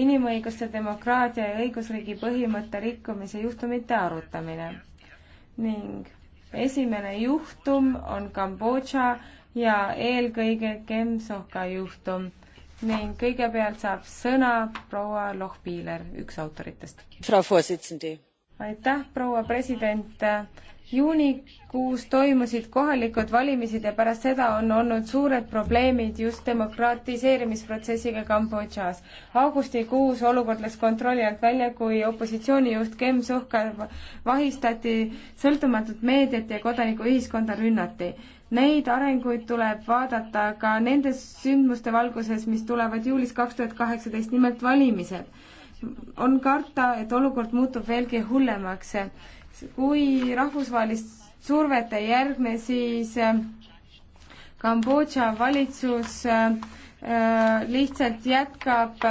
inimõiguste, demokraatia ja õigusriigi põhimõtte rikkumise juhtumite arutamine. ning esimene juhtum on Kambodža ja eelkõige Kem Sohka juhtum ning kõigepealt saab sõna proua Lohpiiler, üks autoritest. Frau Vorsitzende aitäh, proua president. juunikuus toimusid kohalikud valimised ja pärast seda on olnud suured probleemid just demokratiseerimisprotsessiga Kambodžas. augustikuus olukord läks kontrolli alt välja, kui opositsioonijuht Kem Suhkar vahistati, sõltumatut meediat ja kodanikuühiskonda rünnati Neid arenguid tuleb vaadata ka nende sündmuste valguses, mis tulevad juulis kaks tuhat kaheksateist, nimelt valimised on karta, et olukord muutub veelgi hullemaks. kui rahvusvahelist survet ei järgne, siis äh, Kambodža valitsus äh, äh, lihtsalt jätkab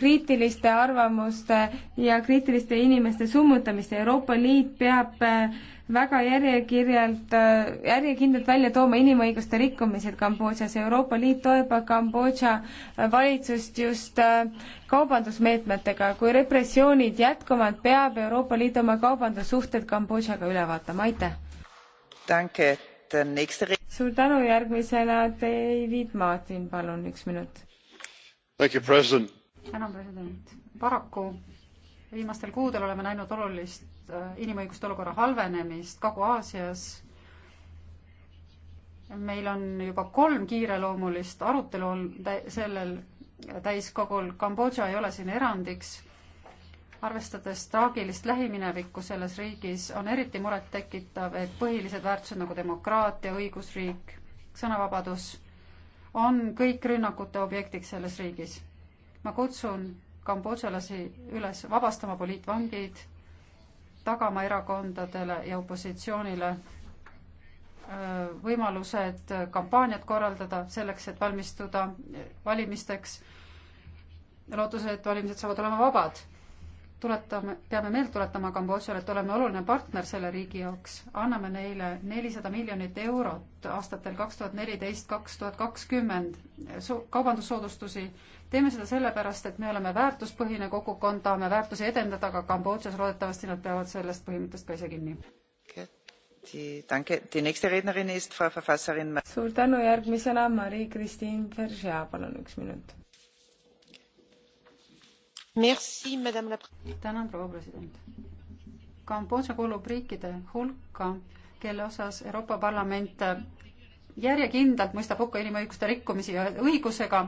kriitiliste arvamuste ja kriitiliste inimeste summutamist ja Euroopa Liit peab väga järjekirjalt, äh, järjekindlalt välja tooma inimõiguste rikkumised Kambodžas. Euroopa Liit toetab Kambodža valitsust just äh, kaubandusmeetmetega. kui repressioonid jätkuvad, peab Euroopa Liit oma kaubandussuhted Kambodžaga üle vaatama. aitäh! suur tänu, järgmisena David Martin, palun, üks minut. tänan, president. paraku viimastel kuudel oleme näinud olulist äh, inimõiguste olukorra halvenemist Kagu-Aasias. meil on juba kolm kiireloomulist arutelu olnud sellel täiskogul, Kambodža ei ole siin erandiks. arvestades traagilist lähiminevikku selles riigis, on eriti murettekitav, et põhilised väärtused nagu demokraatia, õigusriik, sõnavabadus on kõik rünnakute objektiks selles riigis. ma kutsun kambodžalasi üles vabastama poliitvangid, tagama erakondadele ja opositsioonile äh, võimalused kampaaniat korraldada selleks, et valmistuda valimisteks. lootuse, et valimised saavad olema vabad. tuletame, peame meelt tuletama Kambodžale, et oleme oluline partner selle riigi jaoks. anname neile nelisada miljonit eurot aastatel kaks tuhat neliteist, kaks tuhat kakskümmend kaubandussoodustusi teeme seda sellepärast, et me oleme väärtuspõhine kogukond, tahame väärtusi edendada, aga Kambodžas loodetavasti nad peavad sellest põhimõttest ka ise kinni. suur tänu, järgmisena Marie-Christine Vergea, palun üks minut. tänan, proua president. Kambodža kuulub riikide hulka, kelle osas Euroopa Parlament järjekindlalt mõistab hukka inimõiguste rikkumisi ja õigusega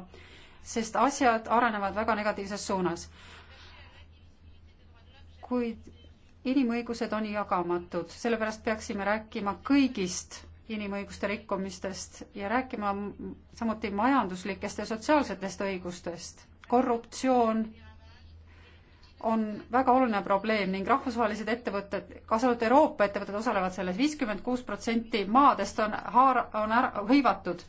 sest asjad arenevad väga negatiivses suunas. kuid inimõigused on jagamatud, sellepärast peaksime rääkima kõigist inimõiguste rikkumistest ja rääkima samuti majanduslikest ja sotsiaalsetest õigustest. korruptsioon on väga oluline probleem ning rahvusvahelised ettevõtted, kaasa arvatud Euroopa ettevõtted osalevad selles, viiskümmend kuus protsenti maadest on haar-, on ära hõivatud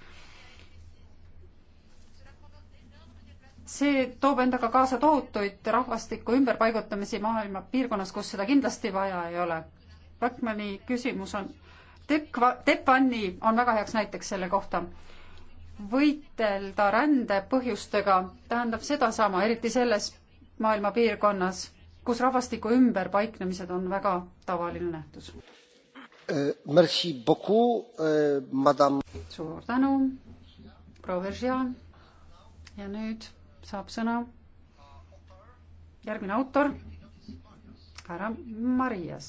see toob endaga kaasa tohutuid rahvastiku ümberpaigutamisi maailma piirkonnas, kus seda kindlasti vaja ei ole. Backmani küsimus on, Tepva, Tepani on väga heaks näiteks selle kohta. võitelda rände põhjustega tähendab sedasama, eriti selles maailma piirkonnas, kus rahvastiku ümberpaiknemised on väga tavaline nähtus. Äh, merci beaucoup, äh, madame. suur tänu, proua Veržjan. ja nüüd saab sõna järgmine autor, härra Marias.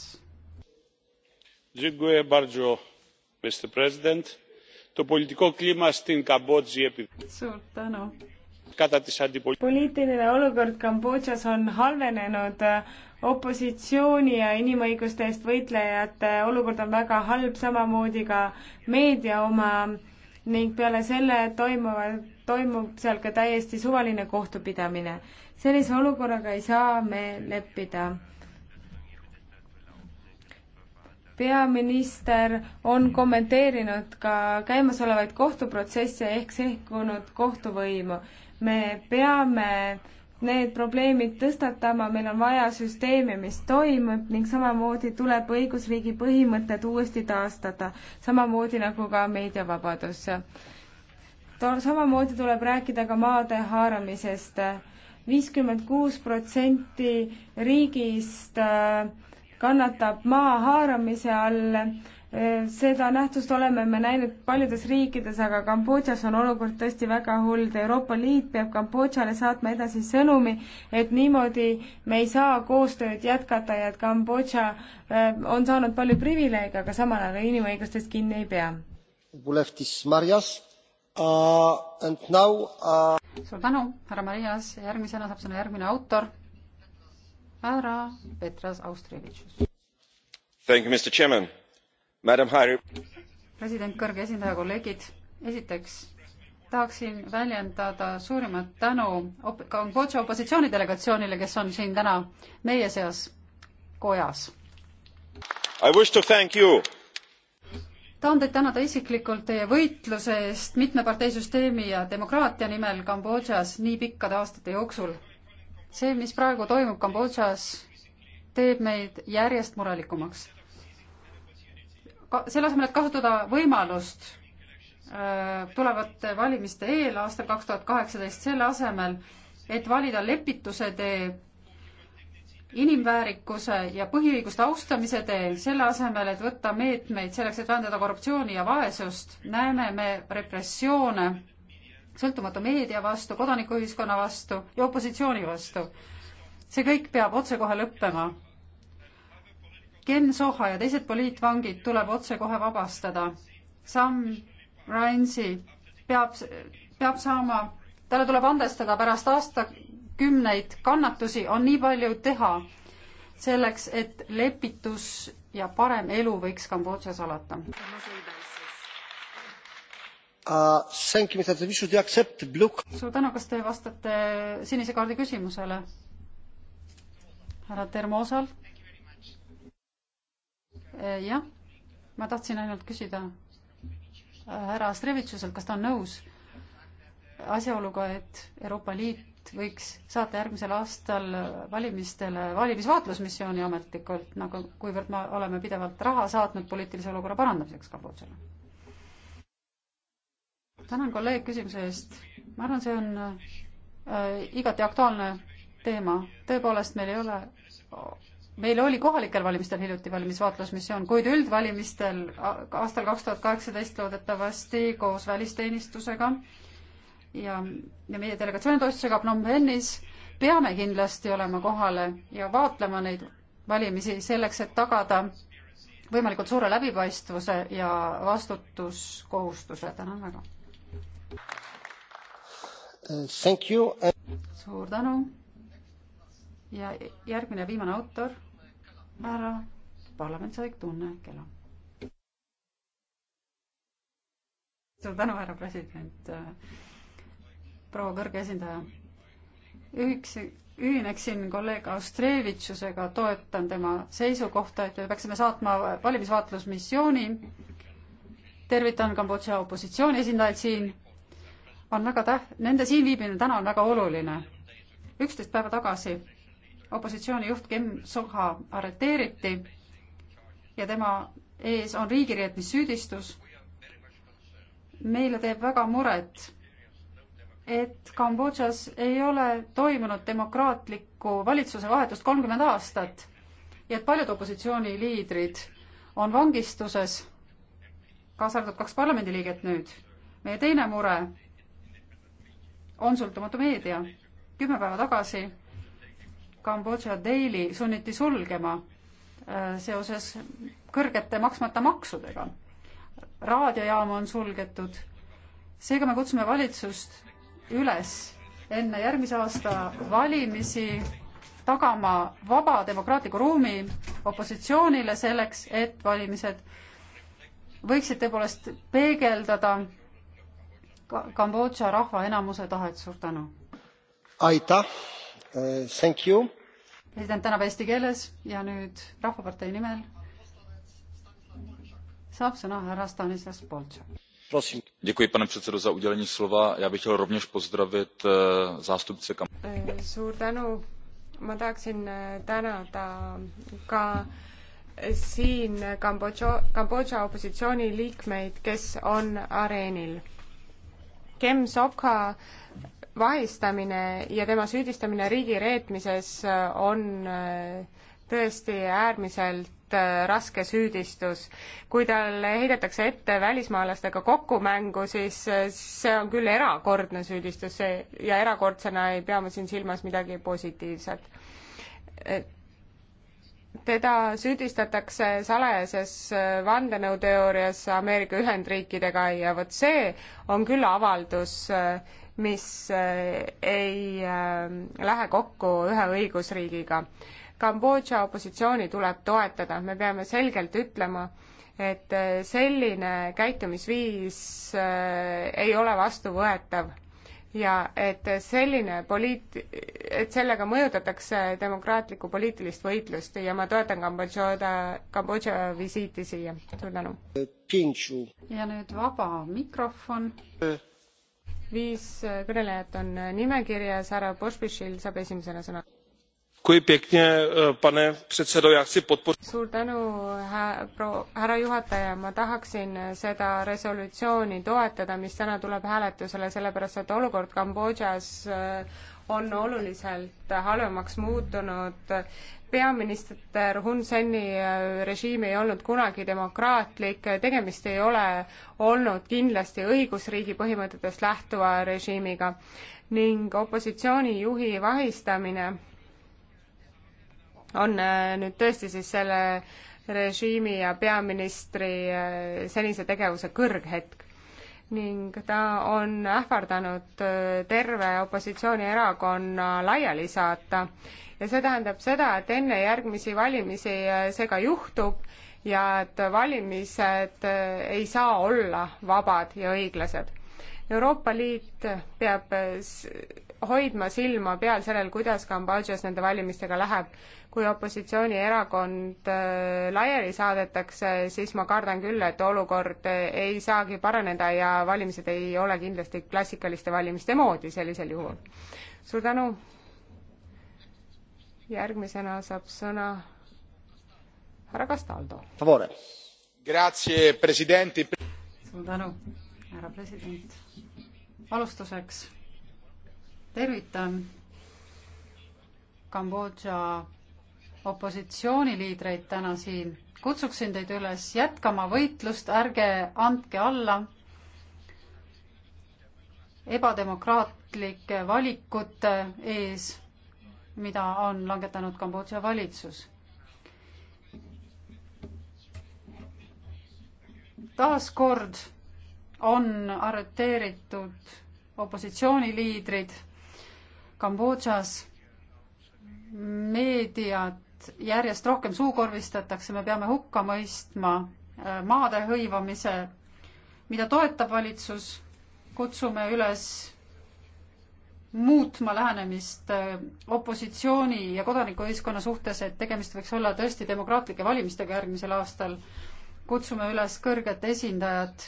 suur tänu poliitiline olukord Kambodžas on halvenenud, opositsiooni ja inimõiguste eest võitlejate olukord on väga halb, samamoodi ka meedia oma ning peale selle toimuvad, toimub seal ka täiesti suvaline kohtupidamine. sellise olukorraga ei saa me leppida. peaminister on kommenteerinud ka käimasolevaid kohtuprotsesse ehk sekkunud kohtuvõimu. me peame äh, need probleemid tõstatama, meil on vaja süsteemi, mis toimib ning samamoodi tuleb õigusriigi põhimõtted uuesti taastada, samamoodi nagu ka meediavabadus. samamoodi tuleb rääkida ka maade haaramisest. viiskümmend kuus protsenti riigist äh, kannatab maa haaramise all Eh, seda nähtust oleme me näinud paljudes riikides, aga Kambodžas on olukord tõesti väga hull. Euroopa Liit peab Kambodžale saatma edasi sõnumi, et niimoodi me ei saa koostööd jätkata ja et Kambodža eh, on saanud palju privileege, aga samal ajal inimõigustest kinni ei pea. Uh, now, uh... suur tänu, härra Marias, järgmisena saab sõna järgmine autor, härra Petras Austrevitšus. Thank you, Mr Chairman president, kõrge esindaja, kolleegid, esiteks tahaksin väljendada suurimat tänu op-, Kambodža opositsioonidelegatsioonile, kes on siin täna meie seas kojas. tahan teid tänada isiklikult teie võitluse eest mitmeparteisüsteemi ja demokraatia nimel Kambodžas nii pikkade aastate jooksul. see, mis praegu toimub Kambodžas, teeb meid järjest murelikumaks selle asemel, et kasutada võimalust äh, tulevate valimiste eel aastal kaks tuhat kaheksateist, selle asemel, et valida lepituse tee, inimväärikuse ja põhiõiguste austamise tee, selle asemel, et võtta meetmeid selleks, et vähendada korruptsiooni ja vaesust, näeme me repressioone sõltumatu meedia vastu, kodanikuühiskonna vastu ja opositsiooni vastu. see kõik peab otsekohe lõppema Ken Soha ja teised poliitvangid tuleb otsekohe vabastada. Sam Rainsi peab, peab saama, talle tuleb andestada pärast aastakümneid kannatusi, on nii palju teha selleks, et lepitus ja parem elu võiks Kambodžas alata uh,. suur tänu, kas te vastate sinise kaardi küsimusele? härra Termosalt? Eh, jah, ma tahtsin ainult küsida eh, härra Astrevitšuselt, kas ta on nõus asjaoluga, et Euroopa Liit võiks saata järgmisel aastal valimistele valimisvaatlusmissiooni ametlikult, nagu kuivõrd me oleme pidevalt raha saatnud poliitilise olukorra parandamiseks Kambodžale? tänan kolleeg küsimuse eest. ma arvan, see on äh, igati aktuaalne teema. tõepoolest, meil ei ole meil oli kohalikel valimistel hiljuti valimisvaatlusmissioon, kuid üldvalimistel aastal kaks tuhat kaheksateist loodetavasti koos välisteenistusega ja, ja meie delegatsiooni toetusega Phnom Penis peame kindlasti olema kohale ja vaatlema neid valimisi selleks, et tagada võimalikult suure läbipaistvuse ja vastutuskohustuse. tänan väga. Uh, suur tänu. ja järgmine viimane autor härra parlamendisaadik Tunne, kell on. suur tänu, härra president, proua kõrge esindaja. üks, ühineksin kolleeg Austrevitšusega, toetan tema seisukohta, et me peaksime saatma valimisvaatlusmissiooni. tervitan Kambodža opositsiooni esindajaid siin. on väga täht-, nende siin viibimine täna on väga oluline. üksteist päeva tagasi opositsiooni juht Kem Sokha arreteeriti ja tema ees on riigireetmissüüdistus. meile teeb väga muret, et Kambodžas ei ole toimunud demokraatlikku valitsuse vahetust kolmkümmend aastat ja et paljud opositsiooniliidrid on vangistuses, kaasa arvatud kaks parlamendiliiget nüüd. meie teine mure on sõltumatu meedia. kümme päeva tagasi Kambodža Daily sunniti sulgema äh, seoses kõrgete maksmata maksudega. raadiojaam on sulgetud. seega me kutsume valitsust üles enne järgmise aasta valimisi tagama vaba demokraatliku ruumi opositsioonile selleks, et valimised võiksid tõepoolest peegeldada Kambodža rahva enamuse tahet. suur tänu! aitäh! president uh, tänab eesti keeles ja nüüd Rahvapartei nimel saab sõna härra Stanislas Poltšak. pane předsedající já bych chtěl rovněž pozdravit eh, zástupce eh, suur tänu ma tahaksin eh, tänada ka siin kambodža kambodža opositsiooni liikmeid kes on areenil kem sokha vahistamine ja tema süüdistamine riigireetmises äh, on äh, tõesti äärmiselt äh, raske süüdistus. kui talle heidetakse ette välismaalastega kokkumängu, siis see on küll erakordne süüdistus see ja erakordsena ei pea ma siin silmas midagi positiivset. teda süüdistatakse salajases vandenõuteoorias Ameerika Ühendriikidega ja vot see on küll avaldus, mis äh, ei äh, lähe kokku ühe õigusriigiga. Kambodža opositsiooni tuleb toetada, me peame selgelt ütlema, et äh, selline käitumisviis ei ole vastuvõetav ja et selline poliit-, et sellega mõjutatakse demokraatlikku poliitilist võitlust ja ma toetan Kambodža, Kambodža visiiti siia. suur tänu. ja nüüd vaba mikrofon äh viis kõnelejat on nimekirjas, härra Pospišil saab esimesena sõna. E, suur tänu, härra juhataja, ma tahaksin seda resolutsiooni toetada, mis täna tuleb hääletusele, sellepärast et olukord Kambodžas e, on oluliselt halvemaks muutunud. peaminister Hun Seni äh, režiim ei olnud kunagi demokraatlik, tegemist ei ole olnud kindlasti õigusriigi põhimõtetest lähtuva režiimiga ning opositsioonijuhi vahistamine on äh, nüüd tõesti siis selle režiimi ja peaministri äh, senise tegevuse kõrghetk ning ta on ähvardanud äh, terve opositsioonierakonna laiali saata ja see tähendab seda, et enne järgmisi valimisi äh, see ka juhtub ja et valimised äh, ei saa olla vabad ja õiglased. Euroopa Liit peab hoidma silma peal sellel, kuidas Kambodžas nende valimistega läheb. kui opositsioonierakond äh, laiali saadetakse, siis ma kardan küll, et olukord äh, ei saagi paraneda ja valimised ei ole kindlasti klassikaliste valimiste moodi sellisel juhul. suur tänu! järgmisena saab sõna härra Castaldo. suur tänu, härra president! alustuseks tervitan Kambodža opositsiooniliidreid täna siin. kutsuksin teid üles jätkama võitlust, ärge andke alla. ebademokraatlike valikute ees, mida on langetanud Kambodža valitsus. taaskord on arreteeritud opositsiooniliidrid Kambodžas meediat järjest rohkem suukorvistatakse, me peame hukka mõistma äh, maade hõivamise, mida toetab valitsus, kutsume üles muutma lähenemist äh, opositsiooni ja kodanikuühiskonna suhtes, et tegemist võiks olla tõesti demokraatlike valimistega järgmisel aastal. kutsume üles kõrget esindajat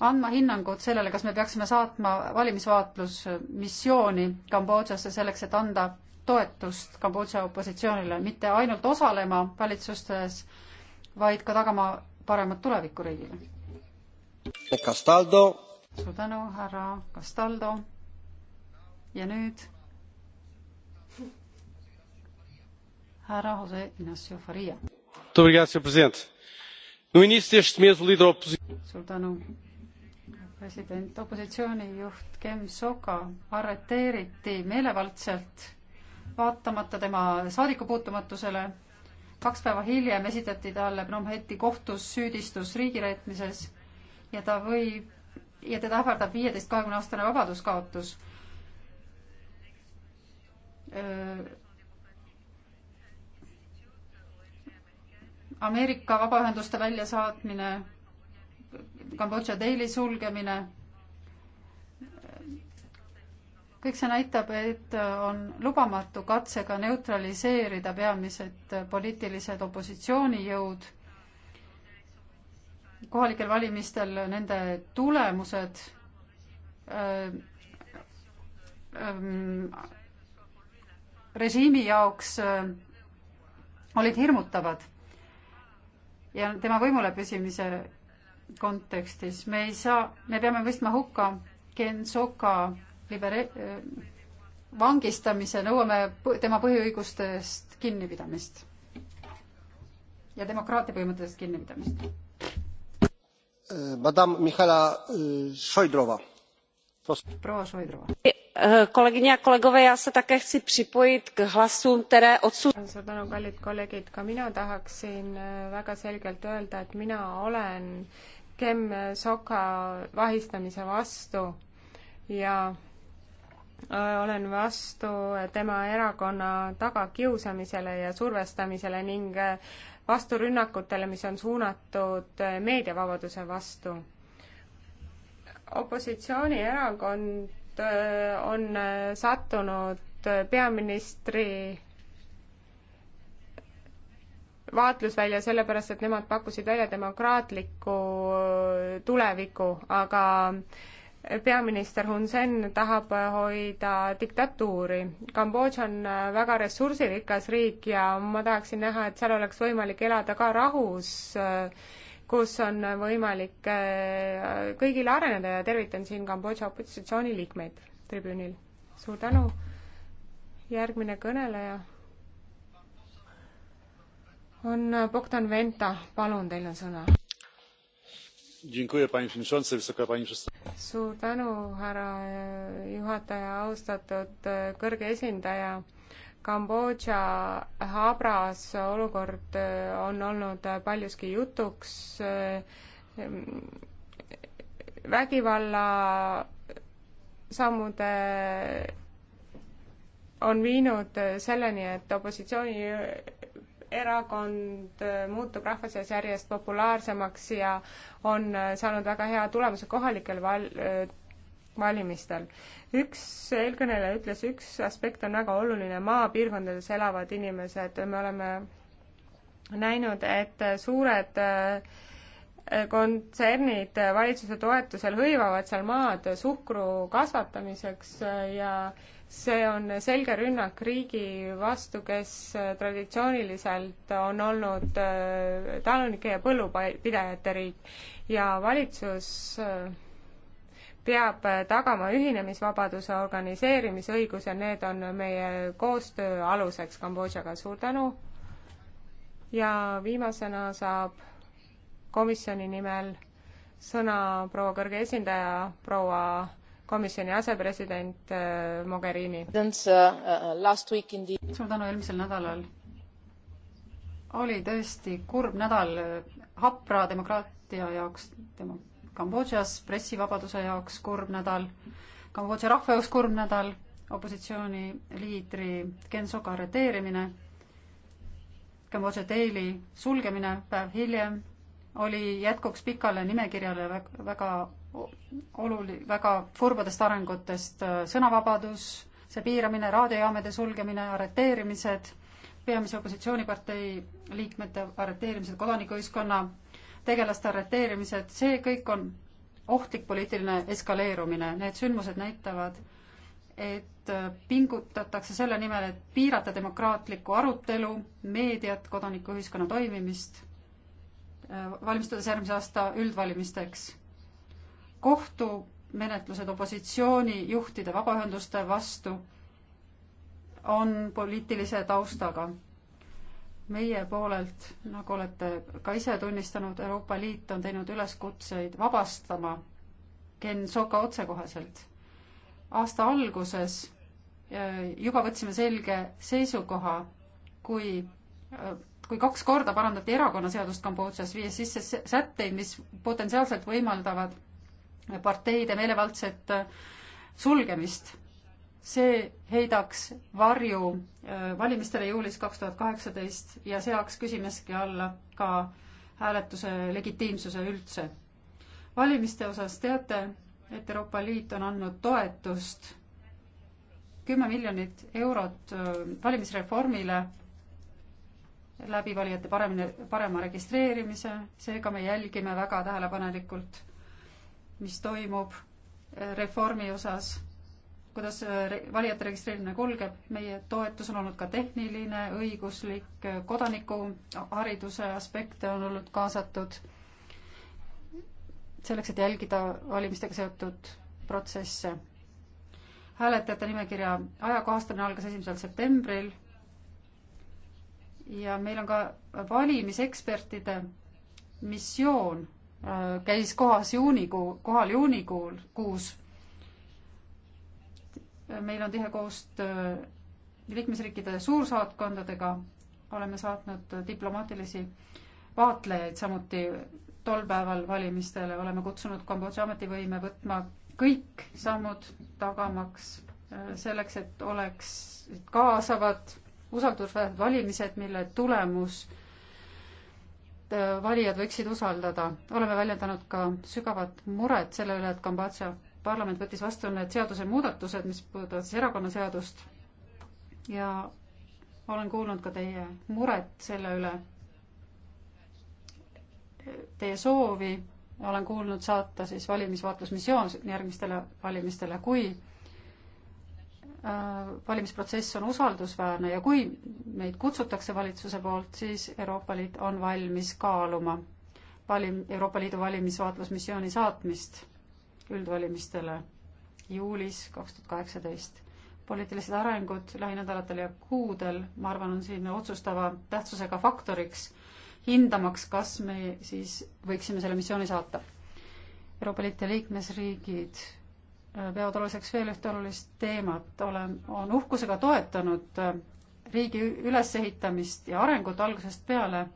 andma hinnangut sellele, kas me peaksime saatma valimisvaatlusmissiooni Kambodžasse selleks, et anda toetust Kambodža opositsioonile, mitte ainult osalema valitsustes, vaid ka tagama paremat tulevikku riigile. suur tänu, härra Castaldo. ja nüüd härra Jose Ignacio Faria. suur tänu, president, opositsioonijuht Kem Soka arreteeriti meelevaldselt, vaatamata tema saadikupuutumatusele. kaks päeva hiljem esitati talle Phnom Heti kohtus süüdistus riigireetmises ja ta võib ja teda ähvardab viieteist, kahekümne aastane vabaduskaotus. Ameerika vabaühenduste väljasaatmine Kambodža Daily sulgemine. kõik see näitab, et on lubamatu katse ka neutraliseerida peamised poliitilised opositsioonijõud. kohalikel valimistel nende tulemused öö, äh, öö, ähm, režiimi jaoks öö, äh, olid hirmutavad ja tema võimule püsimise kontekstis, me ei saa, me peame mõistma hukka Ken Soka libere-, vangistamise, nõuame tema põhiõigustest kinnipidamist ja demokraatia põhimõtetest kinnipidamist. Madame Mihhaila äh, Šoidrova Eh, eh, kolegyně a kolegové já se také chci připojit k hlasům které odsuzují. ka mina tahaksin eh, väga selgelt öelda et mina olen kem soka vahistamise vastu ja äh, olen vastu äh, tema erakonna tagakiusamisele ja survestamisele ning äh, vasturünnakutele mis on suunatud meediavabaduse vastu opositsioonierakond äh, on äh, sattunud äh, peaministri vaatlusvälja sellepärast, et nemad pakkusid välja demokraatliku tuleviku, aga peaminister Hun Sen tahab hoida diktatuuri. Kambodža on väga ressursirikas riik ja ma tahaksin näha, et seal oleks võimalik elada ka rahus äh, kus on võimalik äh, kõigil areneda ja tervitan siin Kambodža opositsiooni liikmeid tribüünil. suur tänu, järgmine kõneleja on Bogdan Venta, palun, teil on sõna. suur tänu, härra juhataja, austatud äh, kõrge esindaja Kambodža habras olukord äh, on olnud äh, paljuski jutuks äh, vägivalla sammude on viinud selleni, et opositsioonierakond muutub rahva seas järjest populaarsemaks ja on saanud väga hea tulemuse kohalikel val-, valimistel. üks eelkõneleja ütles, üks aspekt on väga oluline, maapiirkondades elavad inimesed, me oleme näinud, et suured äh, kontsernid valitsuse toetusel hõivavad seal maad suhkru kasvatamiseks äh, ja see on selge rünnak riigi vastu, kes äh, traditsiooniliselt on olnud talunike ja põllupidajate riik ja valitsus peab äh, tagama ühinemisvabaduse, organiseerimisõiguse, need on meie koostöö aluseks Kambodžaga, suur tänu! ja viimasena saab komisjoni nimel sõna proua kõrge esindaja, proua komisjoni asepresident äh, Mogherini. suur tänu, eelmisel nädalal oli tõesti kurb nädal äh, hapra demokraatia jaoks, demo-, Kambodžas pressivabaduse jaoks kurb nädal, Kambodža rahva jaoks kurb nädal, opositsiooniliidri Gensoka arreteerimine, Kambodža Daily sulgemine päev hiljem oli jätkuks pikale nimekirjale väga, väga oluli-, väga kurbadest arengutest, äh, sõnavabadus, see piiramine, raadiojaamade sulgemine, arreteerimised, peamise opositsioonipartei liikmete arreteerimised, kodanikuühiskonna tegelaste arreteerimised, see kõik on ohtlik poliitiline eskaleerumine, need sündmused näitavad, et äh, pingutatakse selle nimel, et piirata demokraatlikku arutelu, meediat, kodanikuühiskonna toimimist, äh, valmistudes järgmise aasta üldvalimisteks. kohtumenetlused opositsioonijuhtide vabaühenduste vastu on poliitilise taustaga meie poolelt, nagu olete ka ise tunnistanud, Euroopa Liit on teinud üleskutseid vabastama Ken Soka otsekohaselt. aasta alguses eh, juba võtsime selge seisukoha, kui, eh, kui kaks korda parandati erakonnaseadust Kambodžas, viies sisse sätteid, mis potentsiaalselt võimaldavad parteide meelevaldset eh, sulgemist see heidaks varju äh, valimistele juulis kaks tuhat kaheksateist ja seaks küsimärgi alla ka hääletuse legitiimsuse üldse. valimiste osas teate, et Euroopa Liit on andnud toetust kümme miljonit eurot äh, valimisreformile läbi valijate paremini, parema registreerimise, seega me jälgime väga tähelepanelikult, mis toimub äh, reformi osas kuidas äh, valijate registreerimine kulgeb, meie toetus on olnud ka tehniline, õiguslik, äh, kodanikuhariduse aspekte on olnud kaasatud selleks, et jälgida valimistega seotud protsesse. hääletajate nimekirja ajakohastamine algas esimesel septembril ja meil on ka valimisekspertide missioon, äh, käis kohas juunikuu, kohal juunikuul, kuus meil on tihe koostöö liikmesriikide suursaatkondadega, oleme saatnud diplomaatilisi vaatlejaid samuti tol päeval valimistele, oleme kutsunud Kambodža ametivõime võtma kõik sammud tagamaks äh, selleks, et oleks kaasavad usaldusväärsed valimised, mille tulemus äh, valijad võiksid usaldada. oleme väljendanud ka sügavat muret selle üle, et Kambodža parlament võttis vastu need seadusemuudatused, mis puudutavad siis erakonnaseadust ja olen kuulnud ka teie muret selle üle, teie soovi, olen kuulnud saata siis valimisvaatlusmissioon järgmistele valimistele, kui äh, valimisprotsess on usaldusväärne ja kui meid kutsutakse valitsuse poolt, siis Euroopa Liit on valmis kaaluma valim-, Euroopa Liidu valimisvaatlusmissiooni saatmist üldvalimistele juulis kaks tuhat kaheksateist. poliitilised arengud lähinädalatel ja kuudel, ma arvan, on siin otsustava tähtsusega faktoriks, hindamaks, kas me siis võiksime selle missiooni saata. Euroopa Liit ja liikmesriigid äh, peavad oluliseks veel ühte olulist teemat, olen, on uhkusega toetanud äh, riigi ülesehitamist ja arengut algusest peale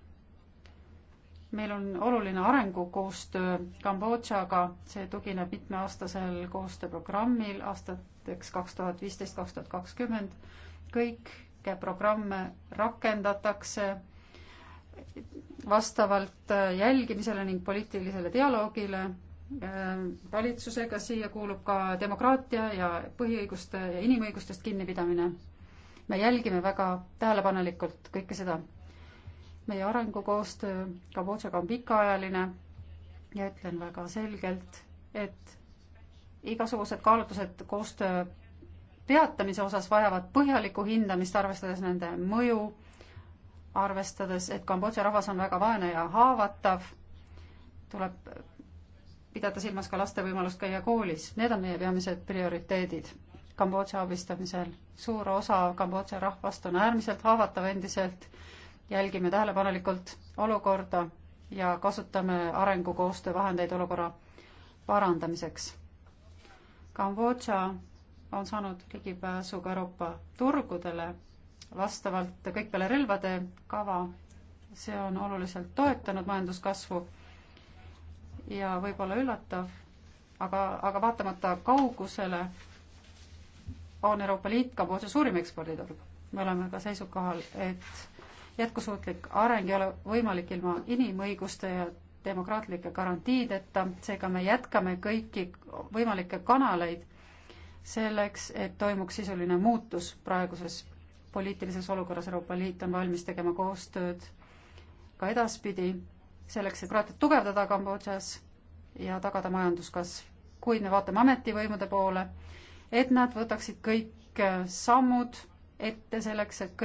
meil on oluline arengukoostöö Kambodžaga, see tugineb mitmeaastasel koostööprogrammil aastateks kaks tuhat viisteist, kaks tuhat kakskümmend. kõike programme rakendatakse vastavalt jälgimisele ning poliitilisele dialoogile valitsusega, siia kuulub ka demokraatia ja põhiõiguste ja inimõigustest kinnipidamine. me jälgime väga tähelepanelikult kõike seda meie arengukoostöö Kambodžaga on pikaajaline ja ütlen väga selgelt, et igasugused kaalutlused koostöö peatamise osas vajavad põhjalikku hindamist, arvestades nende mõju, arvestades, et Kambodža rahvas on väga vaene ja haavatav, tuleb pidada silmas ka laste võimalust käia koolis, need on meie peamised prioriteedid Kambodža abistamisel. suur osa Kambodža rahvast on äärmiselt haavatav endiselt jälgime tähelepanelikult olukorda ja kasutame arengukoostöö vahendeid olukorra parandamiseks. Kambodža on saanud ligipääsu ka Euroopa turgudele vastavalt kõik peale relvade kava. see on oluliselt toetanud majanduskasvu ja võib-olla üllatav, aga, aga vaatamata kaugusele on Euroopa Liit Kambodža suurim eksporditurg. me oleme ka seisukohal, et jätkusuutlik areng ei ole võimalik ilma inimõiguste ja demokraatlike garantiideta, seega me jätkame kõiki võimalikke kanaleid selleks, et toimuks sisuline muutus praeguses poliitilises olukorras. Euroopa Liit on valmis tegema koostööd ka edaspidi selleks, et kraatiat tugevdada Kambodžas ja tagada majanduskasv. kuid me vaatame ametivõimude poole, et nad võtaksid kõik sammud ette selleks, et kõik